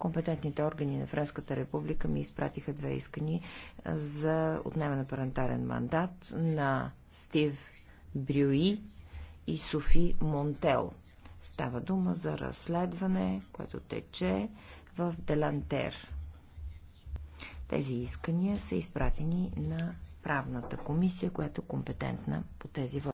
Компетентните органи на Френската република ми изпратиха две искани за отнемане на парентарен мандат на Стив Брюи и Софи Монтел. Става дума за разследване, което тече в Делантер. Тези искания са изпратени на правната комисия, която е компетентна по тези въпроси.